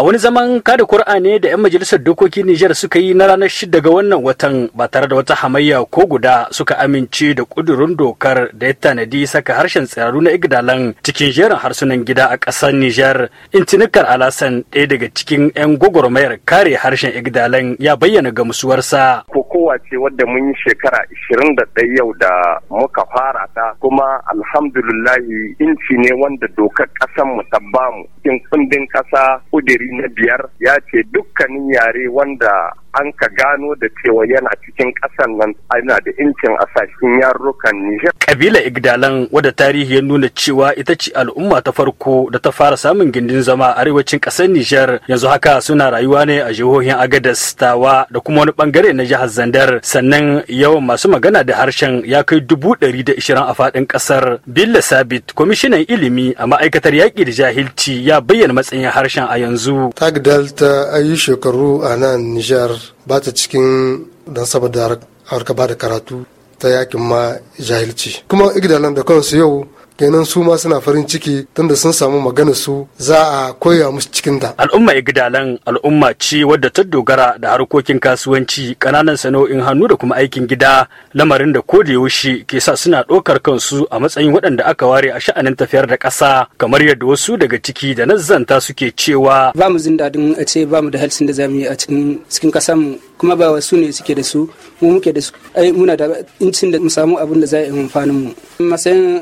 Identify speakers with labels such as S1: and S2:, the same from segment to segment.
S1: a wani zaman kada kur'a ne da 'yan majalisar dokokin Nijar suka yi na ranar shida daga wannan watan ba tare da wata hamayya ko guda suka amince da kudurin dokar da ya tanadi saka harshen tsiraru na Igdalan cikin jerin harsunan gida a ƙasar Nijar. Intinikar Alasan ɗaya daga cikin 'yan gwagwarmayar kare harshen Igdalan ya bayyana gamsuwarsa.
S2: kowa ce wadda mun yi shekara 21 yau da muka fara ta kuma alhamdulillahi inci ne wanda dokar kasan mu ta bamu cikin kundin kasa kudiri na biyar ya ce dukkanin yare wanda an ka gano da cewa yana cikin ƙasan nan ana da incin a sashen yarurrukan Nijar.
S1: Kabila Igdalan wadda tarihi ya nuna cewa ita ce al'umma ta farko da ta fara samun gindin zama a arewacin ƙasar Nijar yanzu haka suna rayuwa ne a jihohin Agadas, Tawa da kuma wani bangare na jihar Zan zandar sannan yau masu magana da harshen ya kai dubu ɗari da ishirin a faɗin ƙasar billa sabit kwamishinan ilimi a ma'aikatar yaƙi da jahilci ya bayyana matsayin harshen a yanzu
S3: tagdal ta ayi shekaru a nan nijar ba ta cikin dan saboda harka ba da karatu ta yakin ma jahilci kuma igdalan da kansu yau kenan su ma suna farin ciki tunda sun samu magana su za a koya musu cikin ta al'umma
S1: gidalan al'umma ce wadda ta dogara da harkokin kasuwanci kananan sana'o'in hannu da kuma aikin gida lamarin da ko da yaushe ke sa suna ɗaukar kansu a matsayin waɗanda aka ware a sha'anin tafiyar da ƙasa kamar yadda wasu daga ciki da nazzanta suke cewa ba mu
S4: jin daɗin a ce ba mu da halsin da zamu yi a cikin cikin mu kuma ba wasu ne suke da su mu muke da su ai muna da incin da mu samu abin da za a yi amfanin mu masayin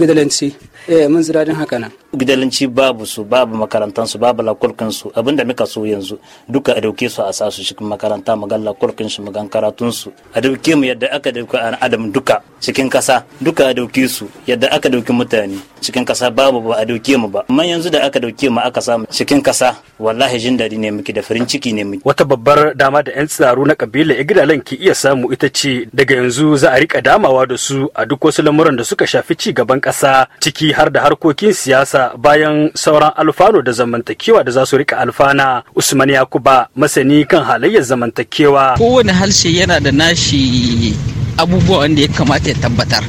S3: gidalanci eh mun zira din haka nan gidalanci babu su babu makarantansu babu lakulkinsu abinda muka so yanzu duka a dauke su a sa su cikin makaranta mu ga lakulkinsu mu karatun karatunsu a dauke mu yadda aka dauki an adam duka cikin kasa duka a dauke su yadda aka dauki mutane cikin kasa babu ba a dauke mu ba amma yanzu da aka dauke mu aka samu cikin kasa wallahi jin dadi ne muke da farin ciki ne muke wata babbar dama da yan tsaro na kabila igidalan ki iya
S1: samu ita ce daga yanzu za a rika damawa da su a duk wasu lamuran da suka shafi ci gaban kasa ciki har da harkokin siyasa bayan sauran alfano da zamantakewa da za su rika alfana usman yakuba masani kan halayyar zamantakewa
S4: kowane harshe yana da nashi abubuwa wanda ya kamata ya tabbatar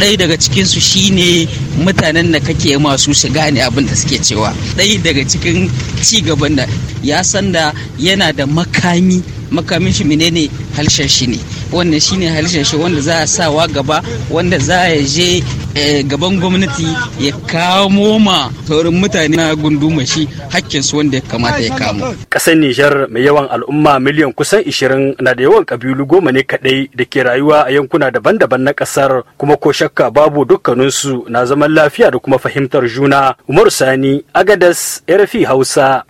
S4: ɗaya daga cikinsu shine mutanen da kake masu su gane abin da suke cewa ɗaya daga cikin cigaban da ya san da yana da makami makamin shi menene harshen shi ne wannan shine halishin shi wanda za a sawa gaba wanda za a je eh, gaban gwamnati ya kamo ma saurin mutane na gunduma shi hakkinsu wanda ya
S1: kamata ya kamo. Ƙasar Nijar mai yawan al'umma miliyan kusan 20 na da yawan ƙabilu goma ne kaɗai da ke rayuwa a yankuna daban-daban na ƙasar kuma ko shakka babu dukkaninsu na zaman lafiya da kuma fahimtar juna. Umaru Sani, Agadas, RFI Hausa.